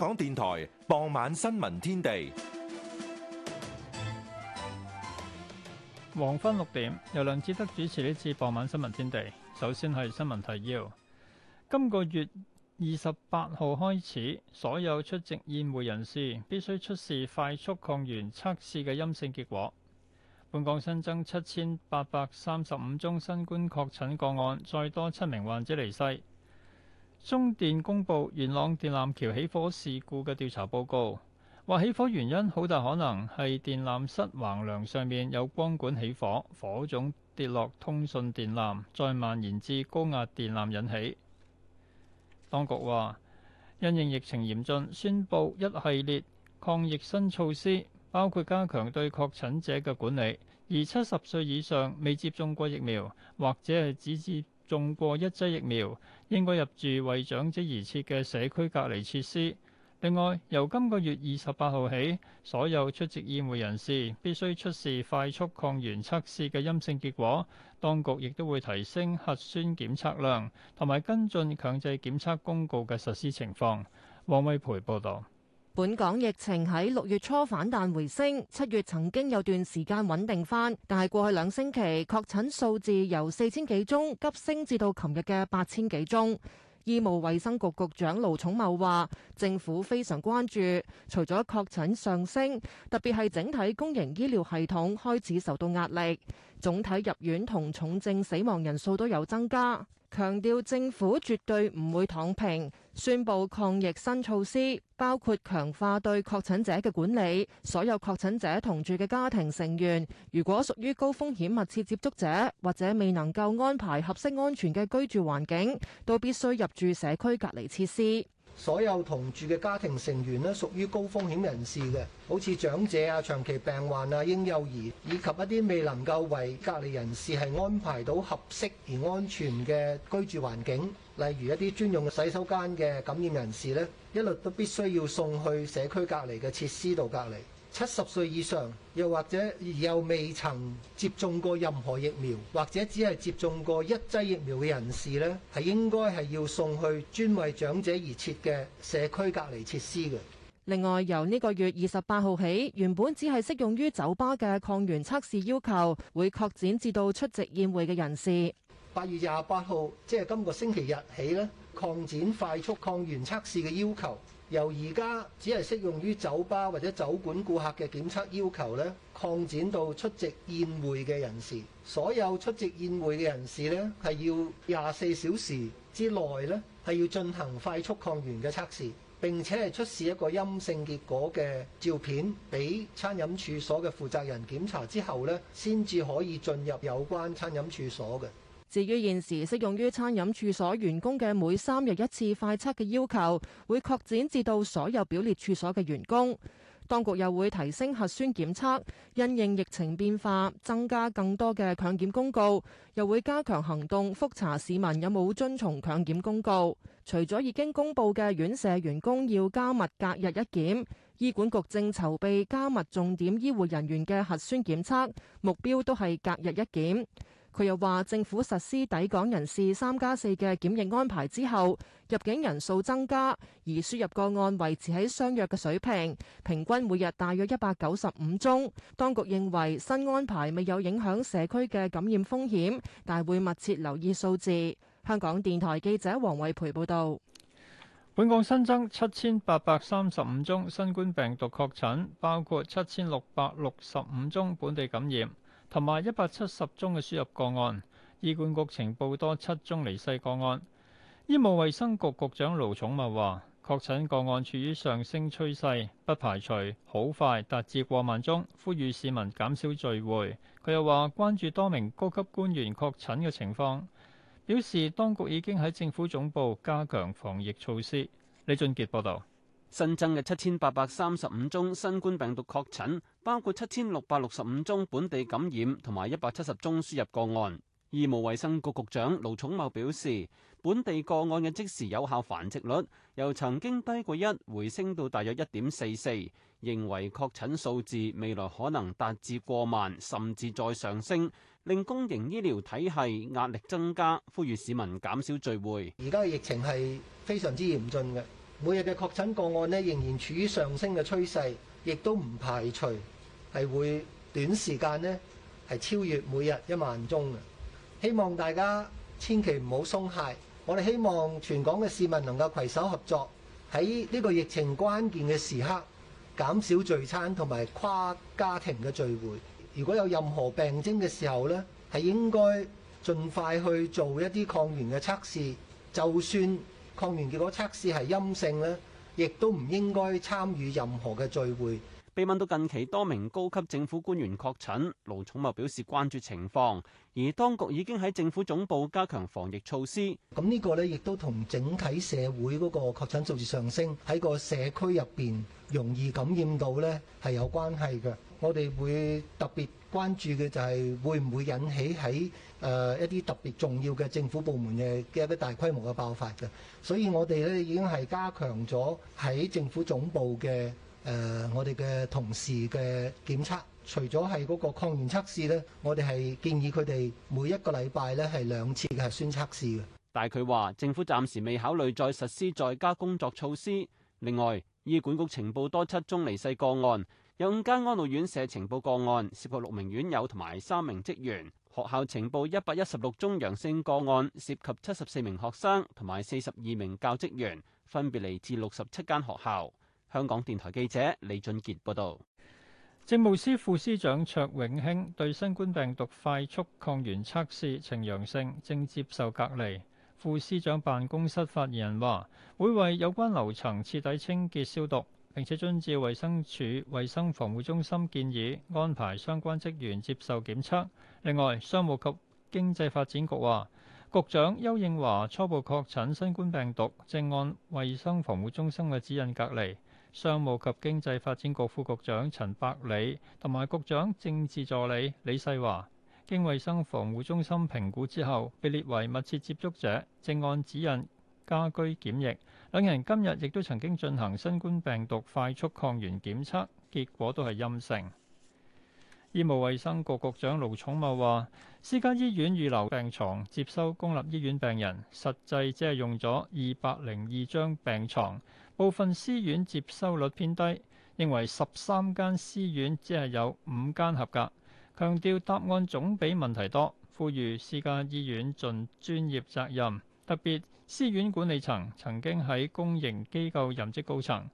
香港電台傍晚新聞天地，黃昏六點，由梁志德主持呢次傍晚新聞天地。首先係新聞提要：今個月二十八號開始，所有出席宴會人士必須出示快速抗原測試嘅陰性結果。本港新增七千八百三十五宗新冠確診個案，再多七名患者離世。中電公布元朗電纜橋起火事故嘅調查報告，話起火原因好大可能係電纜室橫梁上面有光管起火，火種跌落通訊電纜，再蔓延至高壓電纜引起。當局話，因應疫情嚴峻，宣布一系列抗疫新措施，包括加強對確診者嘅管理，而七十歲以上未接種過疫苗或者係只至中過一劑疫苗，應該入住為長者而設嘅社區隔離設施。另外，由今個月二十八號起，所有出席宴會人士必須出示快速抗原測試嘅陰性結果。當局亦都會提升核酸檢測量，同埋跟進強制檢測公告嘅實施情況。王偉培報導。本港疫情喺六月初反彈回升，七月曾經有段時間穩定返，但係過去兩星期確診數字由四千幾宗急升至到琴日嘅八千幾宗。醫務衛生局局長盧寵茂話：政府非常關注，除咗確診上升，特別係整體公營醫療系統開始受到壓力，總體入院同重症死亡人數都有增加。強調政府絕對唔會躺平，宣布抗疫新措施，包括強化對確診者嘅管理。所有確診者同住嘅家庭成員，如果屬於高風險密切接觸者，或者未能夠安排合適安全嘅居住環境，都必須入住社區隔離設施。所有同住嘅家庭成員呢，屬於高風險人士嘅，好似長者啊、長期病患啊、嬰幼兒以及一啲未能夠為隔離人士係安排到合適而安全嘅居住環境，例如一啲專用嘅洗手間嘅感染人士呢，一律都必須要送去社區隔離嘅設施度隔離。七十歲以上，又或者又未曾接種過任何疫苗，或者只係接種過一劑疫苗嘅人士呢，係應該係要送去專為長者而設嘅社區隔離設施嘅。另外，由呢個月二十八號起，原本只係適用於酒吧嘅抗原測試要求，會擴展至到出席宴會嘅人士。八月廿八號，即係今個星期日起呢，擴展快速抗原測試嘅要求。由而家只係適用於酒吧或者酒館顧客嘅檢測要求咧，擴展到出席宴會嘅人士。所有出席宴會嘅人士咧，係要廿四小時之內咧，係要進行快速抗原嘅測試，並且係出示一個陰性結果嘅照片俾餐飲處所嘅負責人檢查之後咧，先至可以進入有關餐飲處所嘅。至於現時適用於餐飲處所員工嘅每三日一次快測嘅要求，會擴展至到所有表列處所嘅員工。當局又會提升核酸檢測，因應疫情變化，增加更多嘅強檢公告，又會加強行動，覆查市民有冇遵從強檢公告。除咗已經公布嘅院舍員工要加密隔日一檢，醫管局正籌備加密重點醫護人員嘅核酸檢測，目標都係隔日一檢。佢又話：政府實施抵港人士三加四嘅檢疫安排之後，入境人數增加，而輸入個案維持喺相約嘅水平，平均每日大約一百九十五宗。當局認為新安排未有影響社區嘅感染風險，但會密切留意數字。香港電台記者黃慧培報道，本港新增七千八百三十五宗新冠病毒確診，包括七千六百六十五宗本地感染。同埋一百七十宗嘅輸入個案，醫管局呈報多七宗離世個案。醫務衛生局局長盧寵茂話，確診個案處於上升趨勢，不排除好快達至過萬宗，呼籲市民減少聚會，佢又話關注多名高級官員確診嘅情況，表示當局已經喺政府總部加強防疫措施。李俊杰報道。新增嘅七千八百三十五宗新冠病毒確診，包括七千六百六十五宗本地感染同埋一百七十宗輸入個案。醫務衛生局局長盧寵茂表示，本地個案嘅即時有效繁殖率由曾經低過一，回升到大約一點四四，認為確診數字未來可能達至過萬，甚至再上升，令公營醫療體系壓力增加，呼籲市民減少聚會。而家嘅疫情係非常之嚴峻嘅。每日嘅確診個案呢，仍然處於上升嘅趨勢，亦都唔排除係會短時間呢，係超越每日一萬宗嘅。希望大家千祈唔好鬆懈，我哋希望全港嘅市民能夠攜手合作，喺呢個疫情關鍵嘅時刻減少聚餐同埋跨家庭嘅聚會。如果有任何病徵嘅時候呢，係應該盡快去做一啲抗原嘅測試，就算，抗原結果測試係陰性咧，亦都唔應該參與任何嘅聚會。被問到近期多名高級政府官員確診，盧寵茂表示關注情況，而當局已經喺政府總部加強防疫措施。咁呢個咧，亦都同整體社會嗰個確診數字上升，喺個社區入邊容易感染到咧，係有關係嘅。我哋會特別關注嘅就係會唔會引起喺誒一啲特別重要嘅政府部門嘅嘅一啲大規模嘅爆發嘅，所以我哋咧已經係加強咗喺政府總部嘅誒我哋嘅同事嘅檢測，除咗係嗰個抗原測試咧，我哋係建議佢哋每一個禮拜咧係兩次嘅核酸測試嘅。但係佢話，政府暫時未考慮再實施在家工作措施。另外，醫管局呈報多七宗離世個案。有五間安老院舍呈報個案，涉及六名院友同埋三名職員。學校呈報一百一十六宗陽性個案，涉及七十四名學生同埋四十二名教職員，分別嚟自六十七間學校。香港電台記者李俊傑報道。政務司副司長卓永興對新冠病毒快速抗原測試呈陽性，正接受隔離。副司長辦公室發言人話：會為有關樓層徹底清潔消毒。並且遵照衛生署衛生防護中心建議，安排相關職員接受檢測。另外，商務及經濟發展局話，局長邱應華初步確診新冠病毒，正按衛生防護中心嘅指引隔離。商務及經濟發展局副局長陳百里同埋局長政治助理李世華，經衛生防護中心評估之後，被列為密切接觸者，正按指引家居檢疫，兩人今日亦都曾經進行新冠病毒快速抗原檢測，結果都係陰性。醫務衛生局局長盧寵茂話，私家醫院預留病床接收公立醫院病人，實際只係用咗二百零二張病床，部分私院接收率偏低，認為十三間私院只係有五間合格。強調答案總比問題多，呼籲私家醫院盡專業責任，特別。私院管理層曾經喺公營機構任職高層，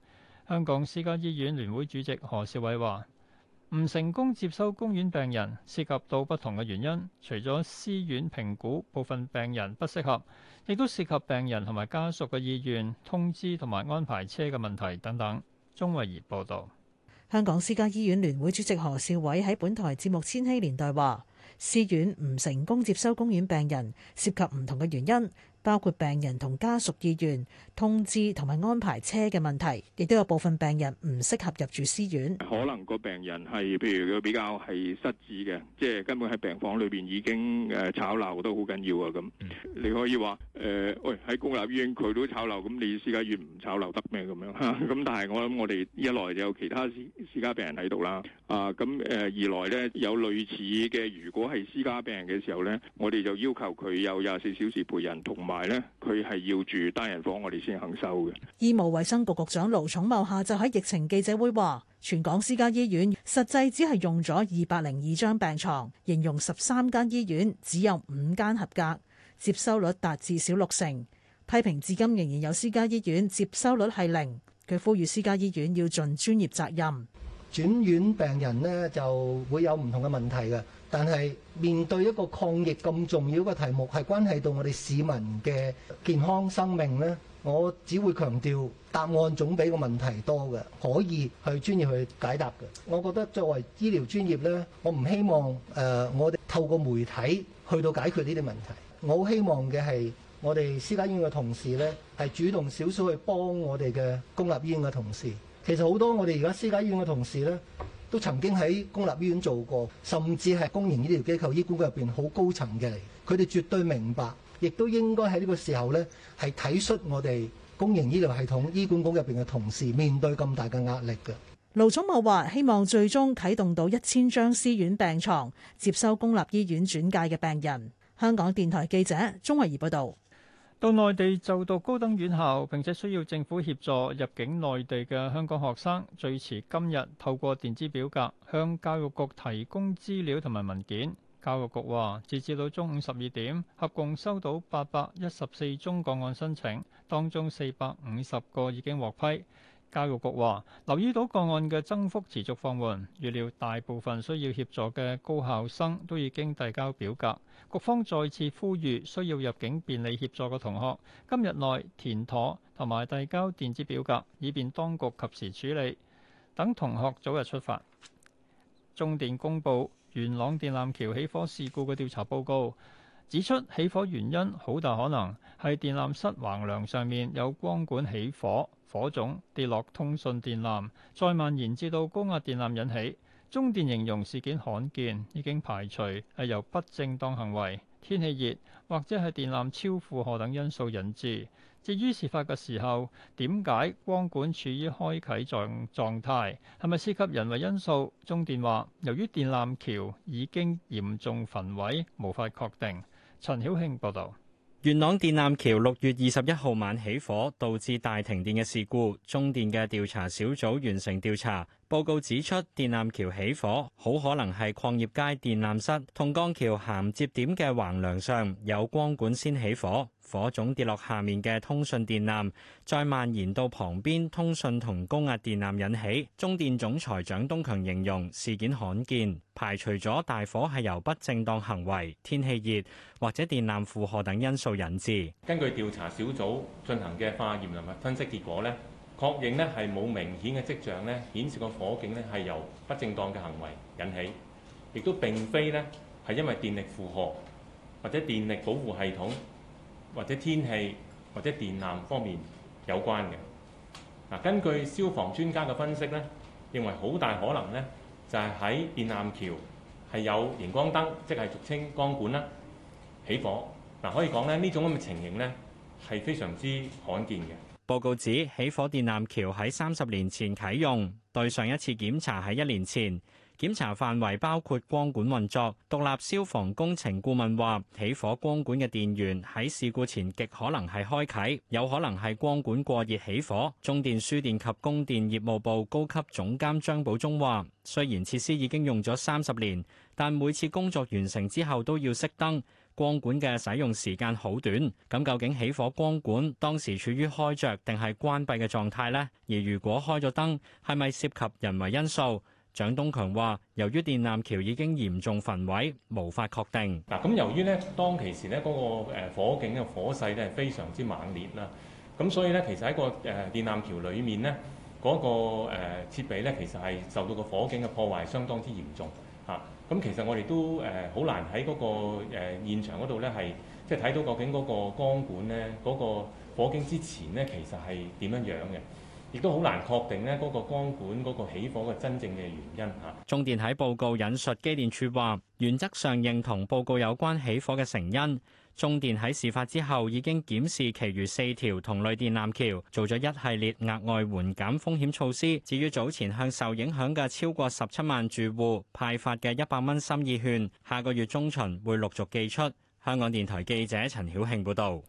香港私家醫院聯會主席何兆煒話：唔成功接收公院病人，涉及到不同嘅原因，除咗私院評估部分病人不適合，亦都涉及病人同埋家屬嘅意願、通知同埋安排車嘅問題等等。鍾慧儀報道，香港私家醫院聯會主席何兆煒喺本台節目《千禧年代》話：私院唔成功接收公院病人，涉及唔同嘅原因。包括病人同家屬意願通知同埋安排車嘅問題，亦都有部分病人唔適合入住私院。可能個病人係譬如佢比較係失智嘅，即係根本喺病房裏邊已經誒吵鬧都好緊要啊！咁你可以話誒、呃，喂喺公立醫院佢都吵鬧，咁你私家醫院唔吵鬧得咩咁樣？咁 但係我諗我哋一來就有其他私家私家病人喺度啦，啊咁誒二來咧有類似嘅，如果係私家病人嘅時候咧，我哋就要求佢有廿四小時陪人同埋。係咧，佢係要住單人房，我哋先肯收嘅。醫務衛生局局長盧寵茂下就喺疫情記者會話，全港私家醫院實際只係用咗二百零二張病床，形容十三間醫院只有五間合格，接收率達至少六成。批評至今仍然有私家醫院接收率係零，佢呼籲私家醫院要盡專業責任。轉院病人呢，就會有唔同嘅問題嘅。但係面對一個抗疫咁重要嘅題目，係關係到我哋市民嘅健康生命呢，我只會強調答案總比個問題多嘅，可以去專業去解答嘅。我覺得作為醫療專業呢，我唔希望誒我哋透過媒體去到解決呢啲問題。我好希望嘅係我哋私家醫院嘅同事呢，係主動少少去幫我哋嘅公立醫院嘅同事。其實好多我哋而家私家醫院嘅同事呢。都曾經喺公立醫院做過，甚至係公營醫療機構醫管局入邊好高層嘅嚟，佢哋絕對明白，亦都應該喺呢個時候呢，係體恤我哋公營醫療系統醫管局入邊嘅同事面對咁大嘅壓力嘅。盧寵茂話：希望最終啟動到一千張私院病床，接收公立醫院轉介嘅病人。香港電台記者鍾慧儀報導。到內地就讀高等院校並且需要政府協助入境內地嘅香港學生，最遲今日透過電子表格向教育局提供資料同埋文件。教育局話，截至到中午十二點，合共收到八百一十四宗個案申請，當中四百五十個已經獲批。教育局話留意到個案嘅增幅持續放緩，預料大部分需要協助嘅高校生都已經遞交表格。局方再次呼籲需要入境便利協助嘅同學今日內填妥同埋遞交電子表格，以便當局及時處理，等同學早日出發。中電公布元朗電纜橋起火事故嘅調查報告，指出起火原因好大可能係電纜室橫梁上面有光管起火。火種跌落通訊電纜，再蔓延至到高壓電纜引起。中電形容事件罕見，已經排除係由不正當行為、天氣熱或者係電纜超負荷等因素引致。至於事發嘅時候點解光管處於開啟狀狀態，係咪涉及人為因素？中電話由於電纜橋已經嚴重焚毀，無法確定。陳曉慶報導。元朗電纜橋六月二十一號晚起火，導致大停電嘅事故，中電嘅調查小組完成調查。報告指出，電纜橋起火，好可能係礦業街電纜室同江橋銜接點嘅橫梁上有光管先起火，火種跌落下面嘅通訊電纜，再蔓延到旁邊通訊同高壓電纜引起。中電總裁蔣東強形容事件罕見，排除咗大火係由不正當行為、天氣熱或者電纜負荷等因素引致。根據調查小組進行嘅化驗同埋分析結果呢。確認咧係冇明顯嘅跡象咧，顯示個火警咧係由不正當嘅行為引起，亦都並非咧係因為電力負荷或者電力保護系統或者天氣或者電纜方面有關嘅。根據消防專家嘅分析咧，認為好大可能咧就係喺電纜橋係有熒光燈，即係俗稱光管啦，起火嗱。可以講咧呢種咁嘅情形呢係非常之罕見嘅。報告指起火電纜橋喺三十年前啟用，對上一次檢查喺一年前，檢查範圍包括光管運作。獨立消防工程顧問話，起火光管嘅電源喺事故前極可能係開啟，有可能係光管過熱起火。中電輸電及供電業務部高級總監張寶忠話，雖然設施已經用咗三十年，但每次工作完成之後都要熄燈。光管嘅使用時間好短，咁究竟起火光管當時處於開着定係關閉嘅狀態呢？而如果開咗燈，係咪涉及人為因素？蔣東強話，由於電纜橋已經嚴重焚毀，無法確定。嗱，咁由於呢當其時呢嗰個誒火警嘅火勢呢，係非常之猛烈啦，咁所以呢，其實喺個誒電纜橋裏面呢嗰個誒設備呢其實係受到個火警嘅破壞相當之嚴重吓。咁其實我哋都誒好難喺嗰個誒現場嗰度咧，係即係睇到究竟嗰個鋼管咧嗰個火警之前咧，其實係點樣樣嘅，亦都好難確定咧嗰個鋼管嗰個起火嘅真正嘅原因嚇。中電喺報告引述機電處話，原則上認同報告有關起火嘅成因。中電喺事發之後已經檢視其餘四條同類電纜橋，做咗一系列額外緩減風險措施。至於早前向受影響嘅超過十七萬住戶派發嘅一百蚊心意券，下個月中旬會陸續寄出。香港電台記者陳曉慶報道。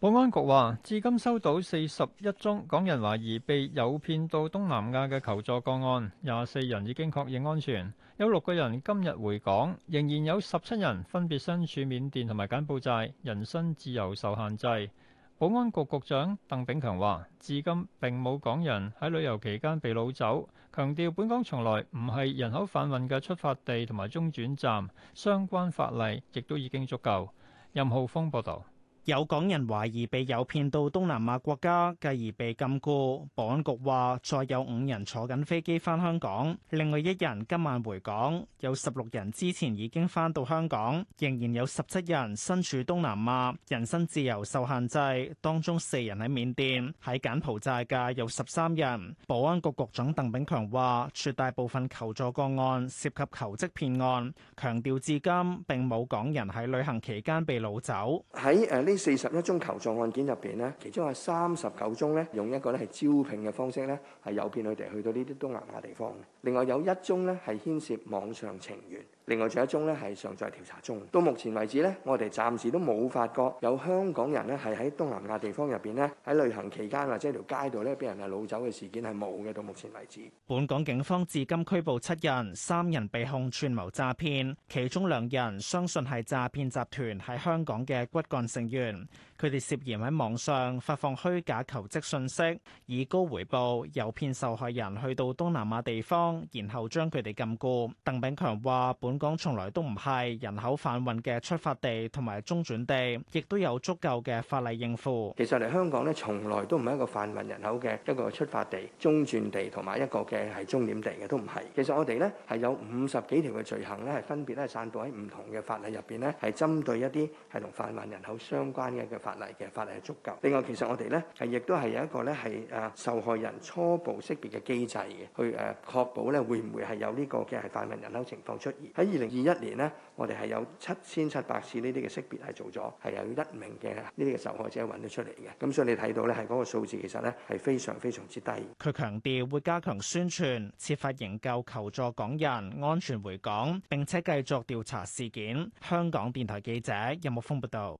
保安局話，至今收到四十一宗港人懷疑被誘騙到東南亞嘅求助個案，廿四人已經確認安全。有六個人今日回港，仍然有十七人分別身處緬甸同埋柬埔寨，人身自由受限制。保安局局長鄧炳強話：至今並冇港人喺旅遊期間被擄走，強調本港從來唔係人口販運嘅出發地同埋中轉站，相關法例亦都已經足夠。任浩峰報導。有港人懷疑被誘騙到東南亞國家，繼而被禁錮。保安局話，再有五人坐緊飛機返香港，另外一人今晚回港。有十六人之前已經返到香港，仍然有十七人身處東南亞，人身自由受限制。當中四人喺緬甸，喺柬埔寨嘅有十三人。保安局局長鄧炳強話，絕大部分求助個案涉及求職騙案，強調至今並冇港人喺旅行期間被擄走。喺誒呢？呢四十一宗求助案件入邊呢，其中有三十九宗呢，用一個咧，係招聘嘅方式呢，係誘騙佢哋去到呢啲東南亞地方。另外有一宗呢，係牽涉網上情緣。另外仲有一宗呢，係尚在調查中，到目前為止呢，我哋暫時都冇發覺有香港人呢，係喺東南亞地方入邊呢，喺旅行期間啊，即係條街道呢，俾人係擄走嘅事件係冇嘅。到目前為止，本港警方至今拘捕七人，三人被控串謀詐騙，其中兩人相信係詐騙集團，係香港嘅骨幹成員。佢哋涉嫌喺網上發放虛假求職信息，以高回報誘騙受害人去到東南亞地方，然後將佢哋禁錮。鄧炳強話，本港從來都唔係人口販運嘅出發地同埋中轉地，亦都有足夠嘅法例應付。其實嚟，香港咧，從來都唔係一個販運人口嘅一個出發地，中轉地同埋一個嘅係終點地嘅都唔係。其實我哋咧，係有五十幾條嘅罪行咧，係分別咧散布喺唔同嘅法例入邊咧，係針對一啲係同販運人口相關嘅嘅法。法例嘅法例係足夠。另外，其實我哋咧係亦都係有一個咧係誒受害人初步識別嘅機制嘅，去誒確保咧會唔會係有呢個嘅係販運人口情況出現。喺二零二一年呢，我哋係有七千七百次呢啲嘅識別係做咗，係有一名嘅呢啲嘅受害者揾得出嚟嘅。咁所以你睇到咧，係嗰個數字其實咧係非常非常之低。佢強調會加強宣傳，設法營救求助港人，安全回港，並且繼續調查事件。香港電台記者任木峯報道。有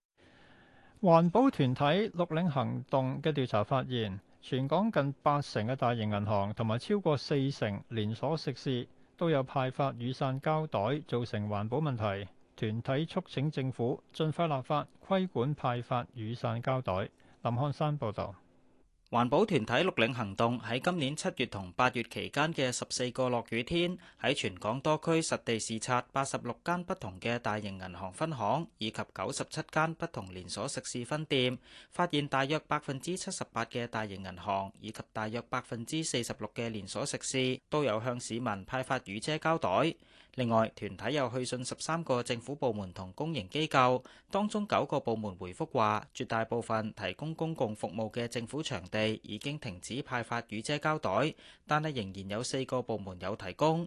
環保團體綠領行動嘅調查發現，全港近八成嘅大型銀行同埋超過四成連鎖食肆都有派發雨傘膠袋，造成環保問題。團體促請政府盡快立法規管派發雨傘膠袋。林漢山報導。環保團體綠領行動喺今年七月同八月期間嘅十四個落雨天，喺全港多區實地視察八十六間不同嘅大型銀行分行，以及九十七間不同連鎖食肆分店，發現大約百分之七十八嘅大型銀行，以及大約百分之四十六嘅連鎖食肆都有向市民派發雨遮膠袋。另外，團體又去信十三個政府部門同公營機構，當中九個部門回覆話，絕大部分提供公共服務嘅政府場地已經停止派發雨遮膠袋，但係仍然有四個部門有提供。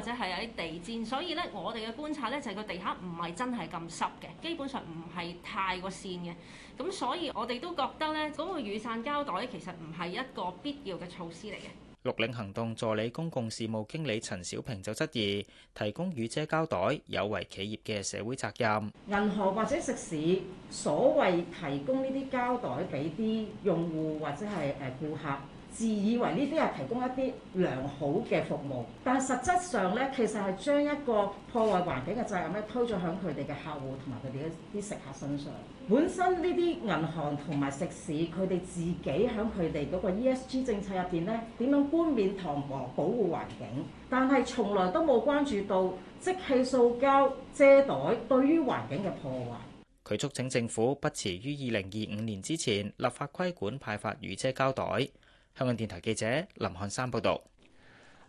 或者係有啲地氈，所以咧，我哋嘅觀察咧就係個地下唔係真係咁濕嘅，基本上唔係太過線嘅，咁所以我哋都覺得咧，嗰、那個雨傘膠袋其實唔係一個必要嘅措施嚟嘅。綠領行動助理公共事務經理陳小平就質疑，提供雨遮膠袋有違企業嘅社會責任。銀行或者食肆所謂提供呢啲膠袋俾啲用戶或者係誒顧客。自以為呢啲係提供一啲良好嘅服務，但係實質上呢，其實係將一個破壞環境嘅責任咧，推咗響佢哋嘅客戶同埋佢哋一啲食客身上。本身呢啲銀行同埋食肆，佢哋自己響佢哋嗰個 ESG 政策入邊呢，點樣冠冕堂皇保護環境，但係從來都冇關注到即棄塑膠、遮袋對於環境嘅破壞。佢促請政府不遲於二零二五年之前立法規管派發雨遮膠袋。香港電台記者林漢山報道：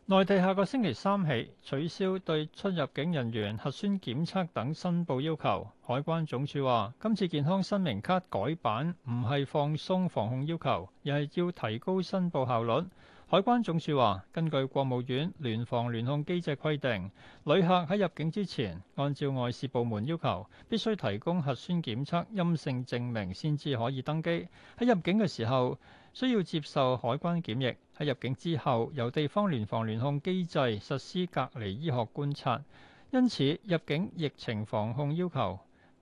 內地下個星期三起取消對出入境人員核酸檢測等申報要求。海關總署話，今次健康申明卡改版唔係放鬆防控要求，而係要提高申報效率。海關總署話，根據國務院聯防聯控機制規定，旅客喺入境之前，按照外事部門要求，必須提供核酸檢測陰性證明，先至可以登機。喺入境嘅時候，需要接受海關檢疫，喺入境之後由地方聯防聯控機制實施隔離醫學觀察。因此，入境疫情防控要求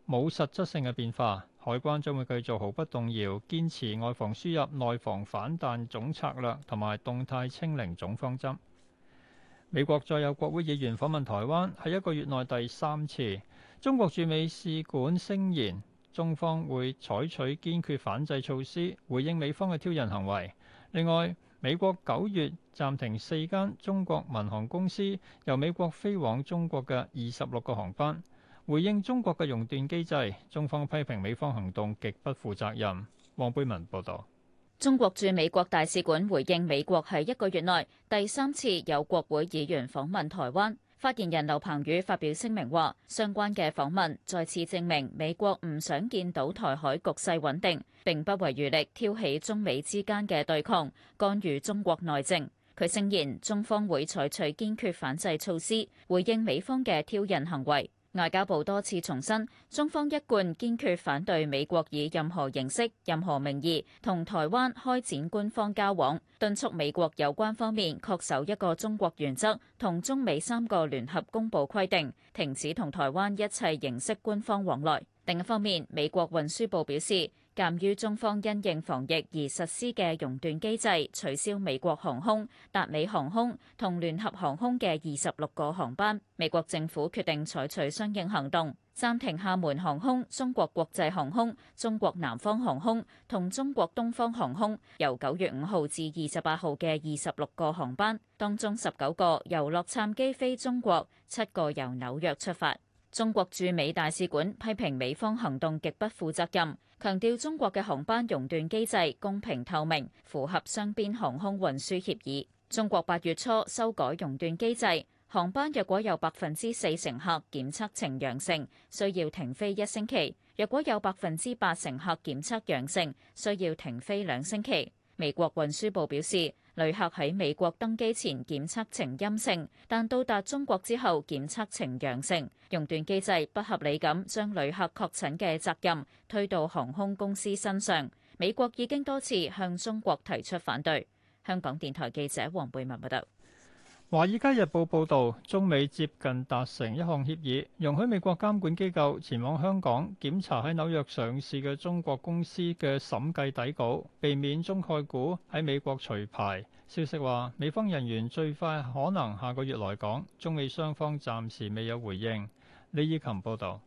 冇實質性嘅變化。海關將會繼續毫不動搖堅持外防輸入、內防反彈總策略同埋動態清零總方針。美國再有國會議員訪問台灣，係一個月內第三次。中國駐美使館聲言。中方會採取堅決反制措施，回應美方嘅挑釁行為。另外，美國九月暫停四間中國民航公司由美國飛往中國嘅二十六個航班，回應中國嘅熔斷機制。中方批評美方行動極不負責任。黃貝文報導。中國駐美國大使館回應美國喺一個月內第三次有國會議員訪問台灣。發言人劉鵬宇發表聲明話：相關嘅訪問再次證明美國唔想見到台海局勢穩定，並不遺餘力挑起中美之間嘅對抗，干預中國內政。佢聲言，中方會採取堅決反制措施，回應美方嘅挑釁行為。外交部多次重申，中方一貫堅決反對美國以任何形式、任何名義同台灣開展官方交往，敦促美國有關方面恪守一個中國原則同中美三個聯合公布規定，停止同台灣一切形式官方往來，另一方面，美國運輸部表示。鑒於中方因應防疫而實施嘅熔斷機制，取消美國航空、達美航空同聯合航空嘅二十六個航班，美國政府決定採取相應行動，暫停廈門航空、中國國際航空、中國南方航空同中國東方航空由九月五號至二十八號嘅二十六個航班，當中十九個由洛杉磯飛飛中國，七個由紐約出發。中國駐美大使館批評美方行動極不負責任。強調中國嘅航班熔斷機制公平透明，符合雙邊航空運輸協議。中國八月初修改熔斷機制，航班若果有百分之四乘客檢測呈陽性，需要停飛一星期；若果有百分之八乘客檢測陽性，需要停飛兩星期。美國運輸部表示，旅客喺美國登機前檢測呈陰性，但到達中國之後檢測呈陽性，熔斷機制不合理，咁將旅客確診嘅責任推到航空公司身上。美國已經多次向中國提出反對。香港電台記者黃貝文報道。《華爾街日報》報導，中美接近達成一項協議，容許美國監管機構前往香港檢查喺紐約上市嘅中國公司嘅審計底稿，避免中概股喺美國除牌。消息話，美方人員最快可能下個月來港，中美雙方暫時未有回應。李依琴報導。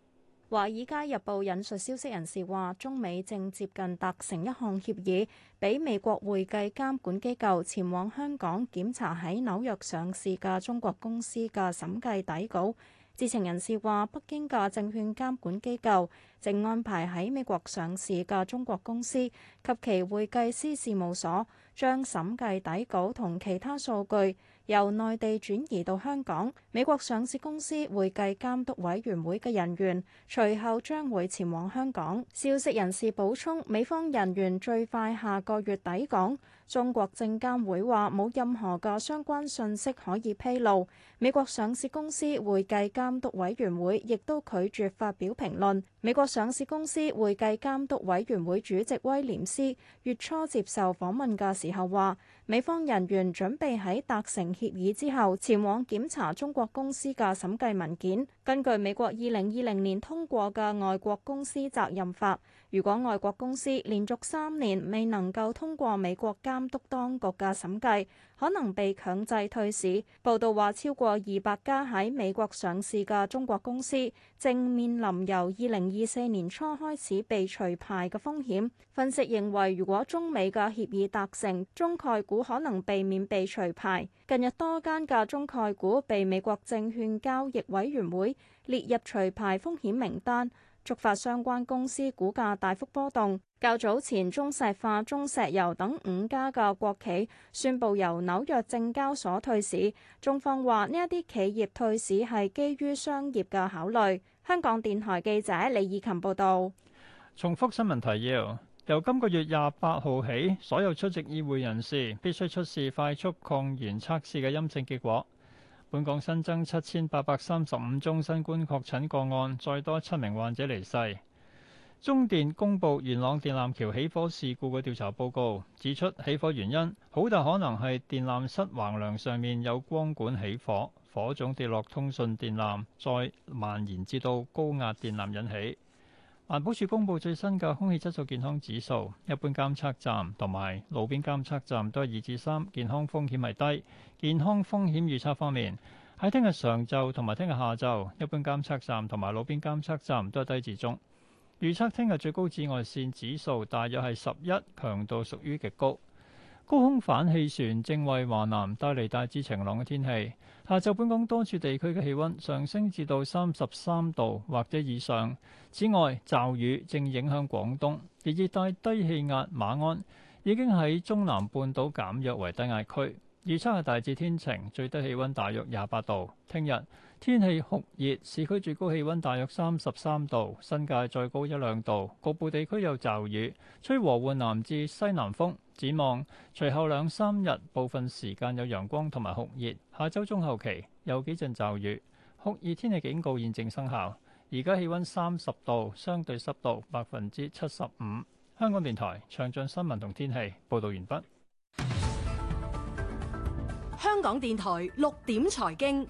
《華爾街日報》引述消息人士話，中美正接近達成一項協議，畀美國會計監管機構前往香港檢查喺紐約上市嘅中國公司嘅審計底稿。知情人士話，北京嘅證券監管機構正安排喺美國上市嘅中國公司及其會計師事務所將審計底稿同其他數據，由內地轉移到香港，美國上市公司會計監督委員會嘅人員，隨後將會前往香港。消息人士補充，美方人員最快下個月抵港。中國證監會話冇任何嘅相關信息可以披露。美國上市公司會計監督委員會亦都拒絕發表評論。美國上市公司會計監督委員會主席威廉斯月初接受訪問嘅時候話，美方人員準備喺達成協議之後，前往檢查中國公司嘅審計文件。根據美國二零二零年通過嘅《外國公司責任法》，如果外國公司連續三年未能夠通過美國監督當局嘅審計，可能被強制退市。報道話，超過二百家喺美國上市嘅中國公司正面臨由二零二四年初開始被除牌嘅風險。分析認為，如果中美嘅協議達成，中概股可能避免被除牌。近日多間嘅中概股被美國證券交易委員會列入除牌風險名單，觸發相關公司股價大幅波動。較早前，中石化、中石油等五家嘅國企宣布由紐約證交所退市。中方話呢一啲企業退市係基於商業嘅考慮。香港電台記者李以琴報道。重複新聞提要：由今個月廿八號起，所有出席議會人士必須出示快速抗原測試嘅陰性結果。本港新增七千八百三十五宗新冠確診個案，再多七名患者離世。中電公布元朗電纜橋起火事故嘅調查報告，指出起火原因好大可能係電纜室橫樑上面有光管起火，火種跌落通訊電纜，再蔓延至到高壓電纜引起。環保署公布最新嘅空氣質素健康指數，一般監測站同埋路邊監測站都係二至三，健康風險係低。健康風險預測方面，喺聽日上晝同埋聽日下晝，一般監測站同埋路邊監測站都係低至中。預測聽日最高紫外線指數大約係十一，強度屬於極高。高空反氣旋正為華南帶嚟大致晴朗嘅天氣。下晝本港多處地區嘅氣温上升至到三十三度或者以上。此外，驟雨正影響廣東，而熱帶低氣壓馬鞍已經喺中南半島減弱為低壓區。預測係大致天晴，最低氣温大約廿八度。聽日，天氣酷熱，市區最高氣溫大約三十三度，新界再高一兩度，局部地區有驟雨，吹和緩南至西南風。展望隨後兩三日部分時間有陽光同埋酷熱，下周中後期有幾陣驟雨，酷熱天氣警告現正生效。而家氣溫三十度，相對濕度百分之七十五。香港電台詳盡新聞同天氣報道完畢。香港電台六點財經。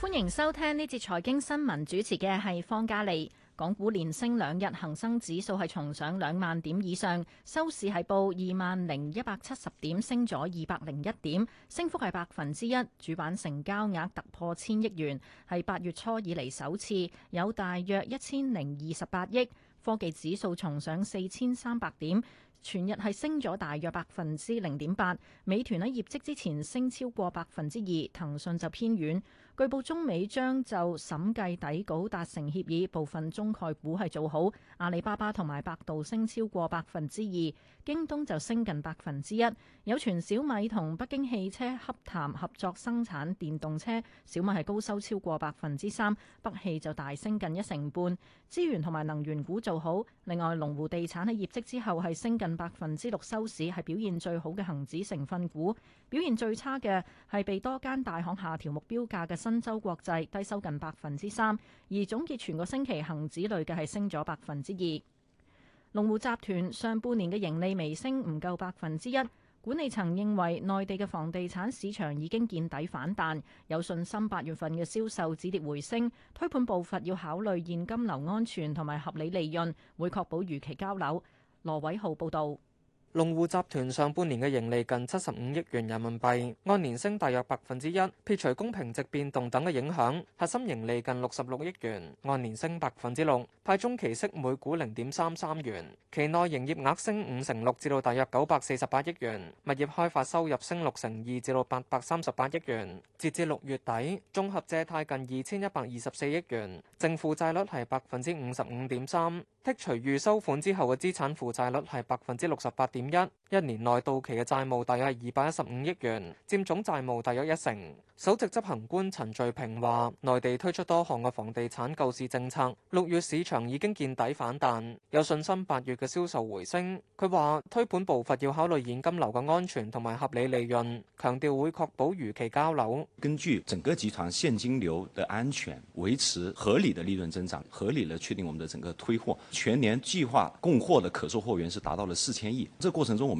歡迎收聽呢節財經新聞，主持嘅係方嘉利。港股連升兩日，恒生指數係重上兩萬點以上，收市係報二萬零一百七十點，升咗二百零一點，升幅係百分之一。主板成交額突破千億元，係八月初以嚟首次，有大約一千零二十八億。科技指數重上四千三百點，全日係升咗大約百分之零點八。美團喺業績之前升超過百分之二，騰訊就偏軟。據報中美將就審計底稿達成協議，部分中概股係做好，阿里巴巴同埋百度升超過百分之二，京東就升近百分之一。有傳小米同北京汽車洽談合作生產電動車，小米係高收超過百分之三，北汽就大升近一成半。資源同埋能源股做好，另外龍湖地產喺業績之後係升近百分之六，收市係表現最好嘅恒指成分股。表現最差嘅係被多間大行下調目標價嘅新。温州國際低收近百分之三，而總結全個星期恒指累計係升咗百分之二。龍湖集團上半年嘅盈利微升，唔夠百分之一。管理層認為內地嘅房地產市場已經見底反彈，有信心八月份嘅銷售止跌回升。推盤步伐要考慮現金流安全同埋合理利潤，會確保如期交樓。羅偉浩報道。龍湖集團上半年嘅盈利近七十五億元人民幣，按年升大約百分之一，撇除公平值變動等嘅影響，核心盈利近六十六億元，按年升百分之六。派中期息每股零點三三元，期內營業額升五成六，至到大約九百四十八億元，物業開發收入升六成二，至到八百三十八億元。截至六月底，綜合借貸近二千一百二十四億元，淨負債率係百分之五十五點三，剔除預收款之後嘅資產負債率係百分之六十八點一。一年內到期嘅債務大約二百一十五億元，佔總債務大約一成。首席執行官陳序平話，內地推出多項嘅房地產救市政策，六月市場已經見底反彈，有信心八月嘅銷售回升。佢話：推盤步伐要考慮現金流嘅安全同埋合理利潤，強調會確保如期交樓。根據整個集團現金流嘅安全，維持合理的利潤增長，合理地確定我們的整個推貨。全年計劃供貨的可售貨源是達到了四千億。這個過程中，我們。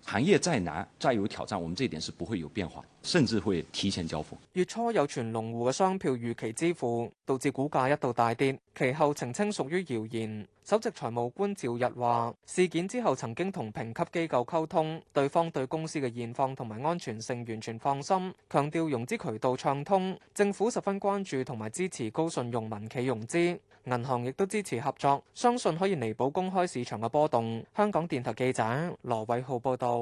行業再難再有挑戰，我們這一點是不會有變化，甚至會提前交付。月初有傳龍湖嘅商票逾期支付，導致股價一度大跌，其後澄清屬於謠言。首席財務官趙日話：事件之後曾經同評級機構溝通，對方對公司嘅現況同埋安全性完全放心，強調融資渠道暢通，政府十分關注同埋支持高信用民企融資，銀行亦都支持合作，相信可以彌補公開市場嘅波動。香港電台記者羅偉浩報道。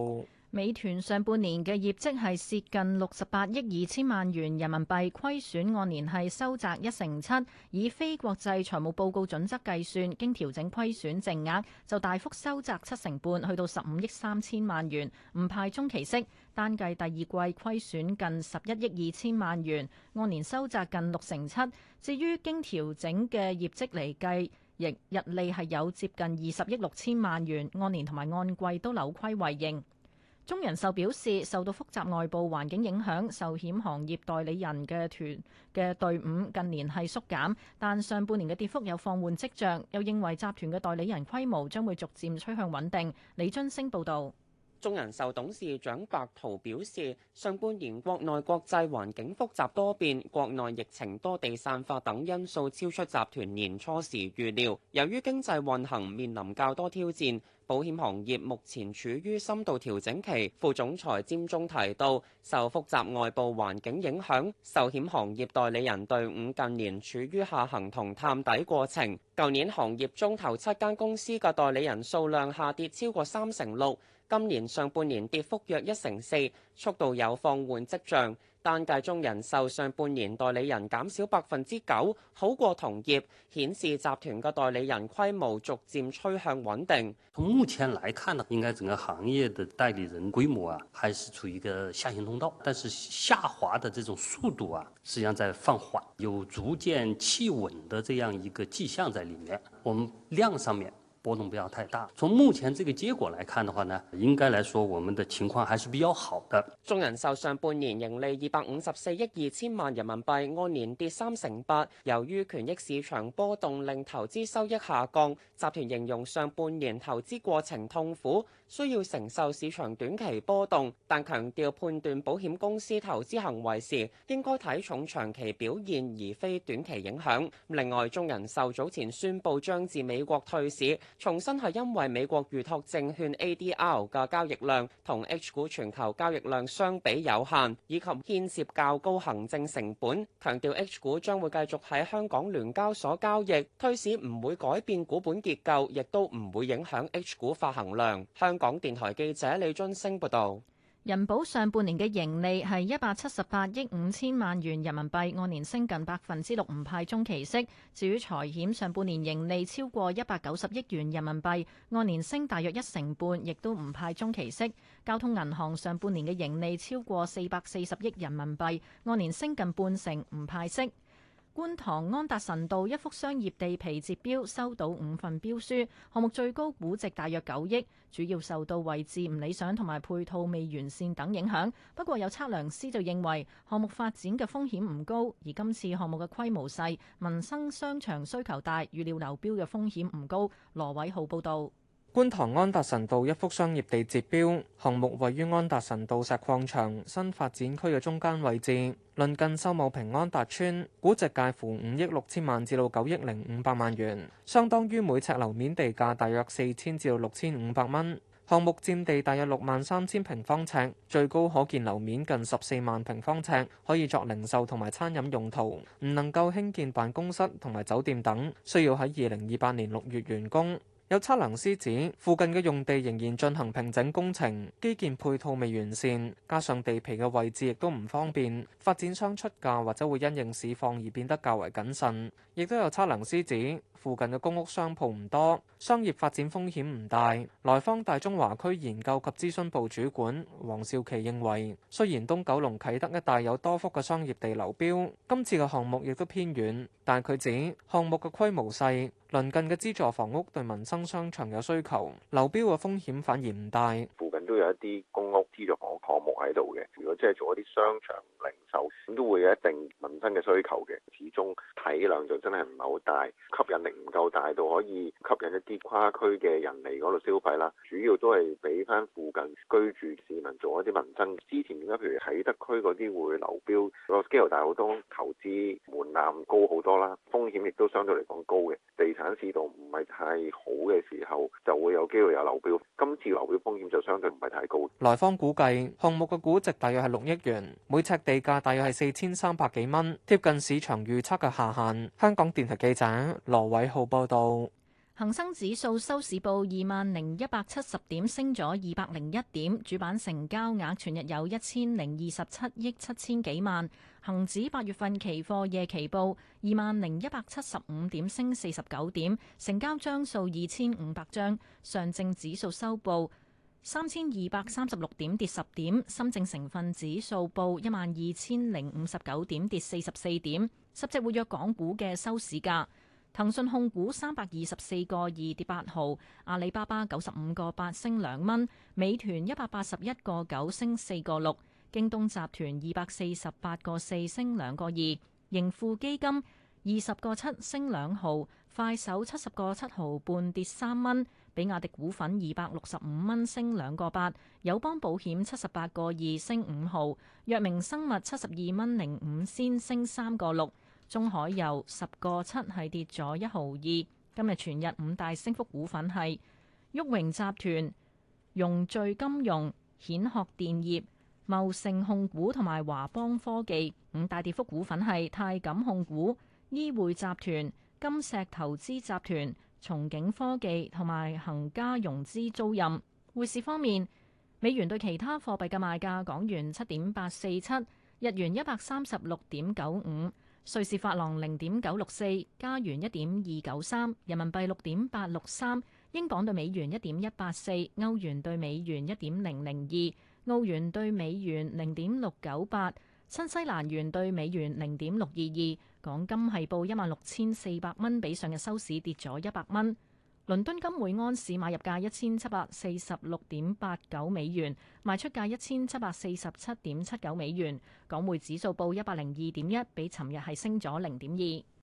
美團上半年嘅業績係蝕近六十八億二千萬元人民幣，虧損按年係收窄一成七，以非國際財務報告準則計算，經調整虧損淨額就大幅收窄七成半，去到十五億三千萬元，唔派中期息，單計第二季虧損近十一億二千萬元，按年收窄近六成七。至於經調整嘅業績嚟計。日利係有接近二十億六千萬元，按年同埋按季都扭虧為盈。中人壽表示受到複雜外部環境影響，壽險行業代理人嘅團嘅隊伍近年係縮減，但上半年嘅跌幅有放緩跡象，又認為集團嘅代理人規模將會逐漸趨向穩定。李津星報導。中人壽董事長白濤表示，上半年國內國際環境複雜多變，國內疫情多地散發等因素超出集團年初時預料。由於經濟運行面臨較多挑戰，保險行業目前處於深度調整期。副總裁詹忠提到，受複雜外部環境影響，壽險行業代理人隊伍近年處於下行同探底過程。舊年行業中頭七間公司嘅代理人數量下跌超過三成六。今年上半年跌幅約一成四，速度有放緩跡象，單計中人壽上半年代理人減少百分之九，好過同業，顯示集團嘅代理人規模逐漸趨向穩定。從目前來看呢，應該整個行業嘅代理人規模啊，還是處於一個下行通道，但是下滑的這種速度啊，實際上在放緩，有逐漸企穩的這樣一個跡象在裡面。我們量上面。波動不要太大。從目前這個結果來看的話呢，應該來說我們的情況還是比較好的。中人壽上半年盈利二百五十四億二千萬人民幣，按年跌三成八。由於權益市場波動，令投資收益下降，集團形容上半年投資過程痛苦。需要承受市場短期波動，但強調判斷保險公司投資行為時應該睇重長期表現而非短期影響，另外，中人壽早前宣佈將自美國退市，重申係因為美國預託證券 ADR 嘅交易量同 H 股全球交易量相比有限，以及牽涉較，較高行政成本。強調 H 股將會繼續喺香港聯交所交易，退市唔會改變股本結構，亦都唔會影響 H 股發行量。香港電台記者李津升報道，人保上半年嘅盈利係一百七十八億五千萬元人民幣，按年升近百分之六，唔派中期息。至於財險上半年盈利超過一百九十億元人民幣，按年升大約一成半，亦都唔派中期息。交通銀行上半年嘅盈利超過四百四十億人民幣，按年升近半成，唔派息。觀塘安達臣道一幅商業地皮截標，收到五份標書，項目最高估值大約九億，主要受到位置唔理想同埋配套未完善等影響。不過有測量師就認為，項目發展嘅風險唔高，而今次項目嘅規模細，民生商場需求大，預料流標嘅風險唔高。羅偉浩報道。觀塘安達臣道一幅商業地截標，項目位於安達臣道石礦場新發展區嘅中間位置，鄰近秀茂坪安達邨，估值介乎五億六千萬至到九億零五百萬元，相當於每尺樓面地價大約四千至到六千五百蚊。項目佔地大約六萬三千平方尺，最高可建樓面近十四萬平方尺，可以作零售同埋餐飲用途，唔能夠興建辦公室同埋酒店等。需要喺二零二八年六月完工。有測量師指附近嘅用地仍然進行平整工程，基建配套未完善，加上地皮嘅位置亦都唔方便，發展商出價或者會因應市況而變得較為謹慎。亦都有測量師指，附近嘅公屋商鋪唔多，商業發展風險唔大。萊坊大中華區研究及諮詢部主管黃少琪認為，雖然東九龍啟德一帶有多幅嘅商業地流標，今次嘅項目亦都偏遠，但佢指項目嘅規模細，鄰近嘅資助房屋對民生商場有需求，流標嘅風險反而唔大。都有一啲公屋資助房項目喺度嘅。如果即係做一啲商場零售，咁都會有一定民生嘅需求嘅。始終體量就真係唔係好大，吸引力唔夠大到可以吸引一啲跨區嘅人嚟嗰度消費啦。主要都係俾翻附近居住市民做一啲民生。之前點解譬如喺德區嗰啲會流標，個規模大好多，投資門檻高好多啦，風險亦都相對嚟講高嘅。地產市道唔係太好嘅時候，就會有機會有流標。今次流標風險就相對。唔高，來方估計項目嘅估值，大約係六億元，每尺地價大約係四千三百幾蚊，貼近市場預測嘅下限。香港電台記者羅偉浩報道。恒生指數收市報二萬零一百七十點，升咗二百零一點。主板成交額全日有一千零二十七億七千幾萬。恒指八月份期貨夜期報二萬零一百七十五點，升四十九點，成交張數二千五百張。上證指數收報三千二百三十六點，跌十點，深證成分指數報一萬二千零五十九點，跌四十四點，十隻活躍港股嘅收市價：騰訊控股三百二十四個二跌八毫，阿里巴巴九十五個八升兩蚊，美團一百八十一個九升四個六，京東集團二百四十八個四升兩個二，盈富基金二十個七升兩毫，快手七十個七毫半跌三蚊。比亞迪股份二百六十五蚊升兩個八，友邦保險七十八個二升五毫，藥明生物七十二蚊零五先升三個六，中海油十個七係跌咗一毫二。今日全日五大升幅股份係旭榮集團、融聚金融、顯學電業、茂盛控股同埋華邦科技。五大跌幅股份係泰錦控股、醫匯集團、金石投資集團。松景科技同埋恒家融資租賃。匯市方面，美元對其他貨幣嘅賣價：港元七點八四七，日元一百三十六點九五，瑞士法郎零點九六四，加元一點二九三，人民幣六點八六三，英鎊對美元一點一八四，歐元對美元一點零零二，澳元對美元零點六九八，新西蘭元對美元零點六二二。港金係報一萬六千四百蚊，比上日收市跌咗一百蚊。倫敦金每安士買入價一千七百四十六點八九美元，賣出價一千七百四十七點七九美元。港匯指數報一百零二點一，比尋日係升咗零點二。